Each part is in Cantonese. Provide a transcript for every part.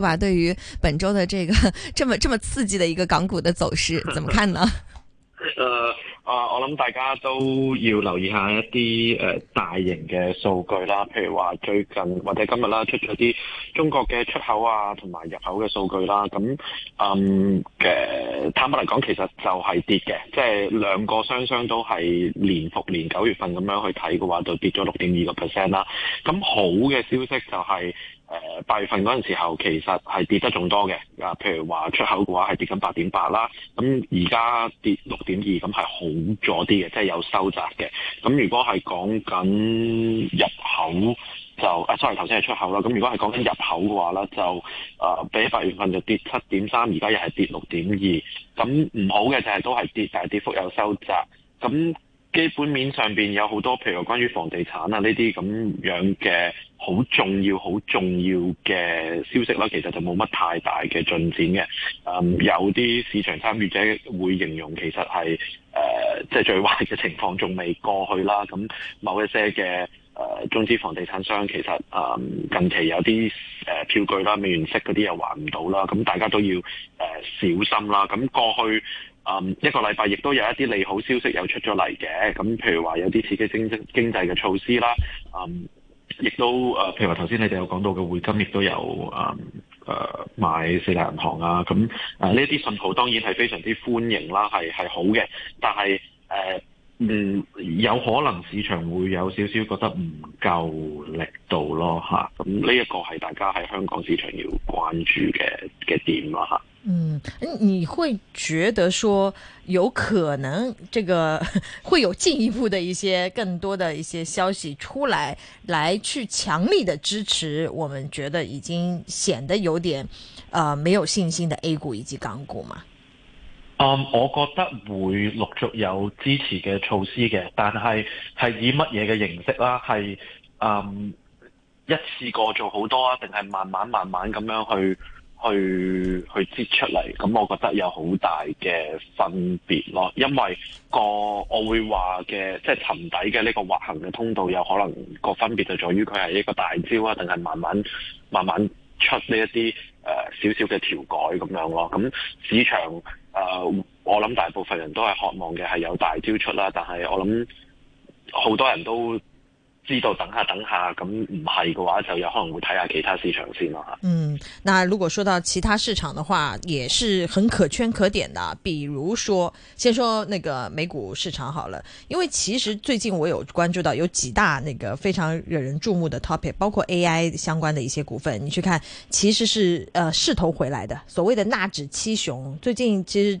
話對於本周的這個這麼這麼刺激的一個港股的走勢，怎麼看呢？誒，啊，我諗大家都要留意一下一啲誒、呃、大型嘅數據啦，譬如話最近或者今日啦出咗啲中國嘅出口啊同埋入口嘅數據啦，咁嗯嘅、呃，坦白嚟講，其實就係跌嘅，即、就、係、是、兩個雙雙都係連複連九月份咁樣去睇嘅話，就跌咗六點二個 percent 啦。咁好嘅消息就係、是。誒、呃、八月份嗰陣時候，其實係跌得仲多嘅，啊，譬如話出口嘅話係跌緊八點八啦，咁而家跌六點二，咁係好咗啲嘅，即係有收窄嘅。咁如果係講緊入口就，啊，sorry，頭先係出口啦。咁如果係講緊入口嘅話咧，就、呃、誒比起八月份就跌七點三，而家又係跌六點二，咁唔好嘅就係、是、都係跌，但、就、係、是、跌幅有收窄，咁。基本面上邊有好多，譬如話關於房地產啊呢啲咁樣嘅好重要、好重要嘅消息啦，其實就冇乜太大嘅進展嘅。誒，有啲市場參與者會形容其實係誒即係最壞嘅情況仲未過去啦。咁某一些嘅誒、呃、中資房地產商其實誒、呃、近期有啲誒票據啦、美元息嗰啲又還唔到啦，咁大家都要誒、呃、小心啦。咁過去啊、um,，一個禮拜亦都有一啲利好消息又出咗嚟嘅，咁譬如話有啲刺激經濟經濟嘅措施啦，啊、嗯，亦都誒、呃，譬如話頭先你哋有講到嘅匯金，亦都有啊誒、嗯呃、買四大銀行啊，咁啊呢啲信號當然係非常之歡迎啦，係係好嘅，但係誒、呃、嗯有可能市場會有少少覺得唔夠力度咯吓，咁呢一個係大家喺香港市場要關注嘅嘅點啦吓。嗯，你會覺得說有可能這個會有進一步的一些更多的一些消息出來，來去強力的支持我們覺得已經顯得有點，呃，沒有信心的 A 股以及港股嘛？嗯，我覺得會陸續有支持嘅措施嘅，但係係以乜嘢嘅形式啦、啊？係啊、嗯，一次過做好多啊，定係慢慢慢慢咁樣去？去去擠出嚟，咁我覺得有好大嘅分別咯，因為個我會話嘅，即係沉底嘅呢個滑行嘅通道，有可能個分別就在於佢係一個大招啊，定係慢慢慢慢出呢一啲誒少少嘅調改咁樣咯。咁市場誒、呃，我諗大部分人都係渴望嘅係有大招出啦，但係我諗好多人都，知道等下等下咁唔係嘅話，就有可能會睇下其他市場先啦。嗯，那如果說到其他市場的話，也是很可圈可點的。比如說，先說那個美股市場好了，因為其實最近我有關注到有幾大那個非常惹人注目的 topic，包括 AI 相關的一些股份，你去看其實是，呃，勢頭回來的。所謂的納指七雄，最近其實。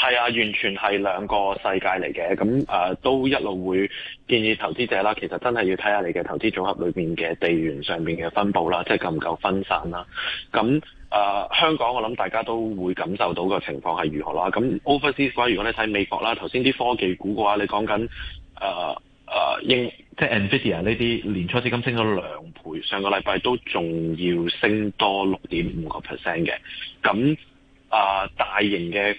係啊，完全係兩個世界嚟嘅。咁誒、呃、都一路會建議投資者啦。其實真係要睇下你嘅投資組合裏面嘅地緣上面嘅分佈啦，即係夠唔夠分散啦。咁誒、呃、香港，我諗大家都會感受到個情況係如何啦。咁 Overseas 嘅話，如果你睇美國啦，頭先啲科技股嘅話，你講緊誒誒英，即係 Nvidia 呢啲年初至今升咗兩倍，上個禮拜都仲要升多六點五個 percent 嘅。咁、呃、大型嘅。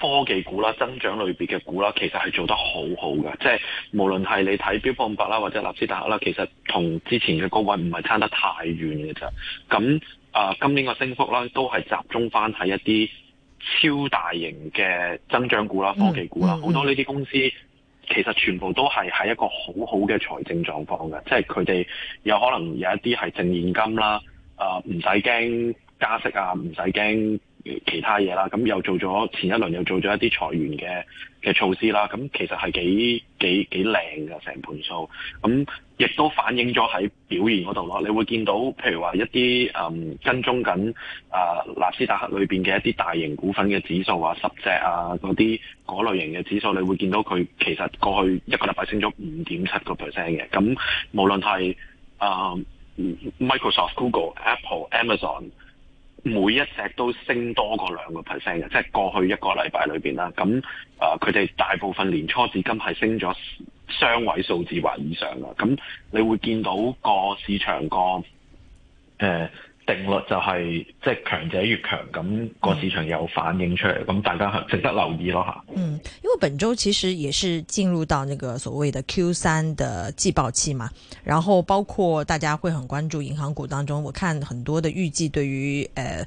科技股啦、增長類別嘅股啦，其實係做得好好嘅，即係無論係你睇標普五百啦，或者納斯達克啦，其實同之前嘅高位唔係差得太遠嘅啫。咁啊、呃，今年個升幅啦，都係集中翻喺一啲超大型嘅增長股啦、科技股啦，好多呢啲公司其實全部都係喺一個好好嘅財政狀況嘅，即係佢哋有可能有一啲係淨現金啦，啊、呃，唔使驚加息啊，唔使驚。其他嘢啦，咁又做咗前一輪又做咗一啲裁員嘅嘅措施啦，咁其實係幾幾幾靚㗎成盤數，咁亦都反映咗喺表現嗰度咯。你會見到，譬如話一啲誒、嗯、跟蹤緊啊、呃、納斯達克裏面嘅一啲大型股份嘅指數啊，十隻啊嗰啲嗰類型嘅指數，你會見到佢其實過去一個禮拜升咗五點七個 percent 嘅，咁無論係啊、呃、Microsoft、Google、Apple、Amazon。每一隻都升多過兩個 percent 嘅，即係過去一個禮拜裏邊啦。咁啊，呃、佢哋大部分年初至今係升咗雙位數字或以上啦。咁你會見到個市場個。誒、呃。定律就係即係強者越強，咁、那個市場有反映出嚟，咁、嗯、大家值得留意咯嚇。嗯，因為本周其實也是進入到那個所謂的 Q 三的季報期嘛，然後包括大家會很關注銀行股當中，我看很多的預計對於誒。呃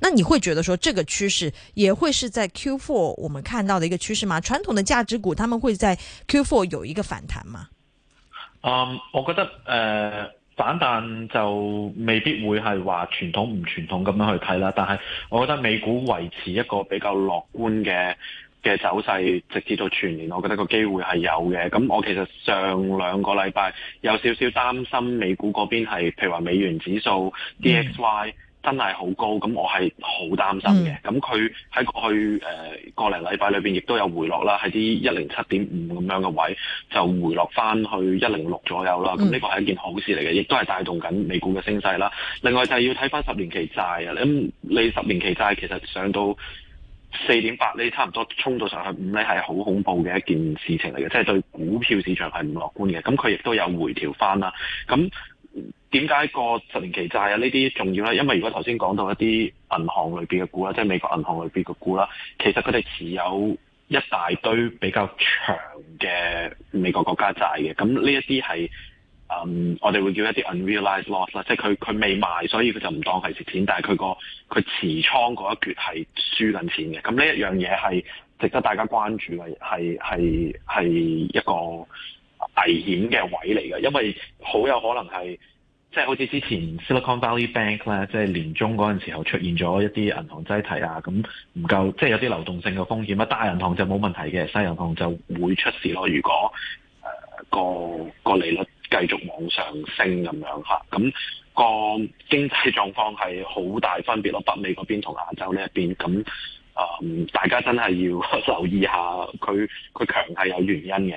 那你會覺得說，這個趨勢也會是在 Q4 我們看到的一個趨勢嗎？傳統的價值股，他們會在 Q4 有一個反彈嗎？嗯、um,，我覺得誒、呃，反彈就未必會係話傳統唔傳統咁樣去睇啦。但係我覺得美股維持一個比較樂觀嘅嘅走勢，直至到全年，我覺得個機會係有嘅。咁我其實上兩個禮拜有少少擔心美股嗰邊係，譬如話美元指數 DXY、嗯。真係好高，咁我係好擔心嘅。咁佢喺過去誒個零禮拜裏面亦都有回落啦，喺啲一零七點五咁樣嘅位就回落翻去一零六左右啦。咁、嗯、呢個係一件好事嚟嘅，亦都係帶動緊美股嘅升勢啦。另外就係要睇翻十年期債啊，咁、嗯、你十年期債其實上到四點八你差唔多衝到上去五釐，係好恐怖嘅一件事情嚟嘅，即、就、係、是、對股票市場係唔樂觀嘅。咁佢亦都有回調翻啦，咁、嗯。點解個十年期債啊？呢啲重要咧，因為如果頭先講到一啲銀行類別嘅股啦，即係美國銀行類別嘅股啦，其實佢哋持有一大堆比較長嘅美國國家債嘅，咁呢一啲係嗯，我哋會叫一啲 unrealized loss 啦，即係佢佢未賣，所以佢就唔當係蝕錢，但係佢個佢持倉嗰一橛係輸緊錢嘅，咁呢一樣嘢係值得大家關注嘅，係係係一個危險嘅位嚟嘅，因為好有可能係。即係好似之前 Silicon Valley Bank 咧，即係年中嗰陣時候出現咗一啲銀行擠提啊，咁唔夠，即係有啲流動性嘅風險啊。大銀行就冇問題嘅，細銀行就會出事咯。如果誒個、呃、個利率繼續往上升咁樣嚇，咁、咁個經濟狀況係好大分別咯。北美嗰邊同亞洲呢一邊，咁啊、呃，大家真係要留意下佢佢強係有原因嘅。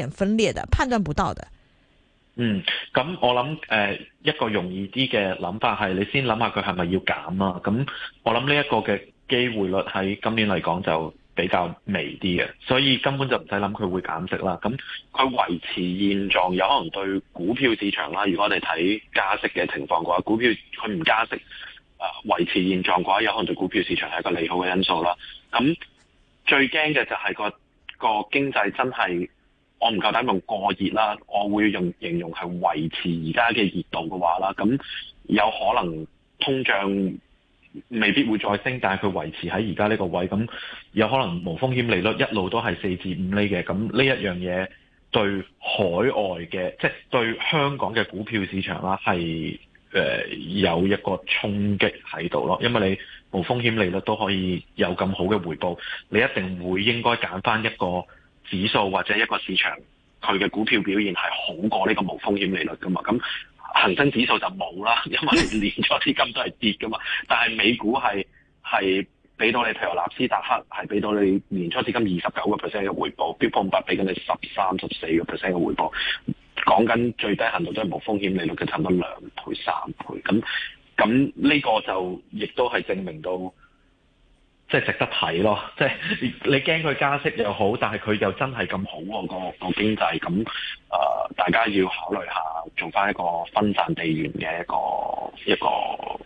分裂嘅判斷不到的，嗯，咁我諗誒、呃，一個容易啲嘅諗法係，你先諗下佢係咪要減啦、啊。咁我諗呢一個嘅機會率喺今年嚟講就比較微啲嘅，所以根本就唔使諗佢會減息啦。咁佢維持現狀，有可能對股票市場啦。如果我哋睇加息嘅情況嘅話，股票佢唔加息維、呃、持現狀嘅話，有可能對股票市場係一個利好嘅因素啦。咁最驚嘅就係個個經濟真係。我唔夠膽用過熱啦，我會用形容係維持而家嘅熱度嘅話啦。咁有可能通脹未必會再升，但係佢維持喺而家呢個位，咁有可能無風險利率一路都係四至五厘嘅。咁呢一樣嘢對海外嘅，即係對香港嘅股票市場啦，係誒有一個衝擊喺度咯。因為你無風險利率都可以有咁好嘅回報，你一定會應該揀翻一個。指數或者一個市場佢嘅股票表現係好過呢個無風險利率㗎嘛？咁恒生指數就冇啦，因為年初資金都係跌㗎嘛。 但係美股係係俾到你譬如納斯達克係俾到你年初資金二十九個 percent 嘅回報，標普五百俾緊你十三、十四個 percent 嘅回報。講緊最低限度都係無風險利率嘅差唔多兩倍、三倍。咁咁呢個就亦都係證明到。即係值得睇咯，即係你驚佢加息又好，但係佢又真係咁好喎，啊個個經濟，咁大家要考慮下做翻一個分散地緣嘅一個一個。一個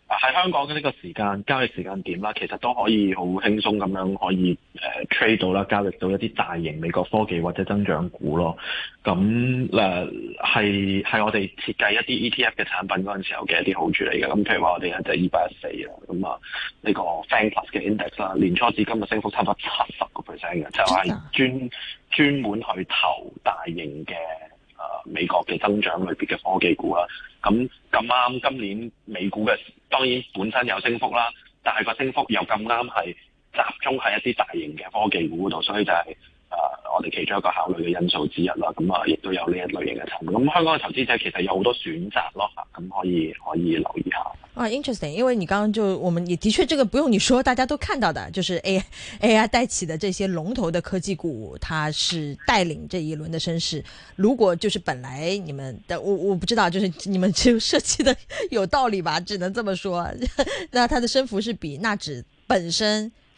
喺香港嘅呢個時間交易時間點啦，其實都可以好輕鬆咁樣可以誒 trade 到啦，交易到一啲大型美國科技或者增長股咯。咁嗱係係我哋設計一啲 ETF 嘅產品嗰陣時候嘅一啲好處嚟嘅。咁譬如話我哋就隻二八一四啊，咁啊呢個 FANG Plus 嘅 index 啦，年初至今日升幅差唔多七十個 percent 嘅，就係、是、專專門去投大型嘅。啊！美國嘅增長裏邊嘅科技股啦、啊，咁咁啱今年美股嘅當然本身有升幅啦，但係個升幅又咁啱係集中喺一啲大型嘅科技股嗰度，所以就係、是。我哋其中一個考慮嘅因素之一啦，咁啊，亦都有呢一類型嘅產品。咁香港嘅投資者其實有好多選擇咯，咁可以可以留意下。啊、oh，interesting！因為你剛剛就我們也，的確這個不用你說，大家都看到的，就是 A A I 帶起的這些龍頭的科技股，它是帶領這一輪的升勢。如果就是本來你們的，我我不知道，就是你們就設計的有道理吧？只能這麼說，那它的升幅是比納指本身。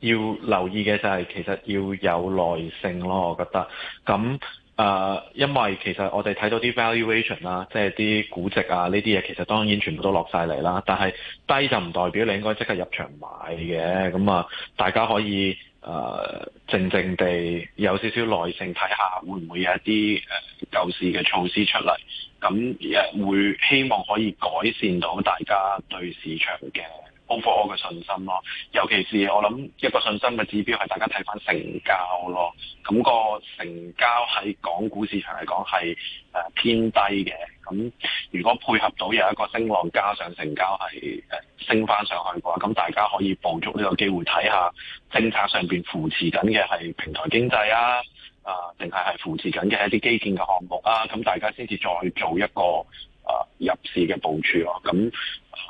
要留意嘅就係其實要有耐性咯，我覺得。咁誒、呃，因為其實我哋睇到啲 valuation 啦，即係啲估值啊呢啲嘢，其實當然全部都落曬嚟啦。但係低就唔代表你應該即刻入場買嘅。咁啊，大家可以誒、呃、靜靜地有少少耐性睇下，會唔會有一啲誒救市嘅措施出嚟？咁會希望可以改善到大家對市場嘅。包括我嘅信心咯，尤其是我諗一個信心嘅指標係大家睇翻成交咯，咁個成交喺港股市場嚟講係誒偏低嘅，咁如果配合到有一個升浪，加上成交係誒升翻上去嘅話，咁大家可以捕捉呢個機會睇下政策上邊扶持緊嘅係平台經濟啊，啊定係係扶持緊嘅係一啲基建嘅項目啊，咁大家先至再做一個誒、啊、入市嘅部署咯，咁。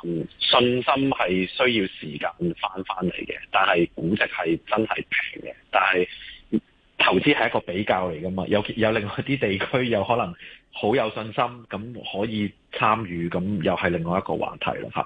嗯，信心係需要時間返翻嚟嘅，但係估值係真係平嘅。但係投資係一個比較嚟噶嘛，有有另外啲地區有可能好有信心，咁可以參與，咁又係另外一個話題啦，吓。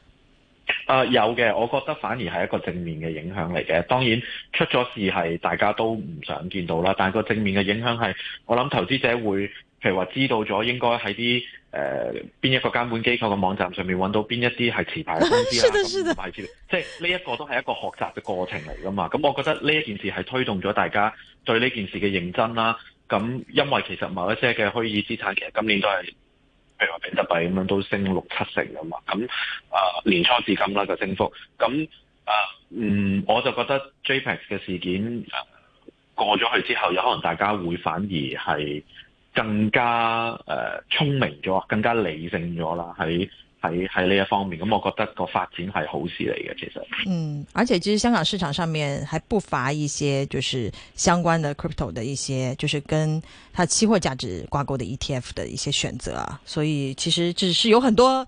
啊、呃，有嘅，我覺得反而係一個正面嘅影響嚟嘅。當然出咗事係大家都唔想見到啦，但係個正面嘅影響係我諗投資者會，譬如話知道咗應該喺啲誒邊一個監管機構嘅網站上面搵到邊一啲係持牌嘅公司啊，牌 即係呢一個都係一個學習嘅過程嚟噶嘛。咁我覺得呢一件事係推動咗大家對呢件事嘅認真啦。咁因為其實某一些嘅虛擬資產其實今年都係。譬如話，比特幣咁樣都升六七成咁嘛，咁啊、呃、年初至今啦嘅升幅，咁啊嗯，我就覺得 JPEX 嘅事件、呃、過咗去之後，有可能大家會反而係更加誒、呃、聰明咗，更加理性咗啦，喺。喺喺呢一方面，咁我覺得個發展係好事嚟嘅，其實嗯，而且其實香港市場上面，還不乏一些就是相關的 crypto 的一些，就是跟它期貨價值掛鈎的 ETF 的一些選擇，所以其實只是有很多。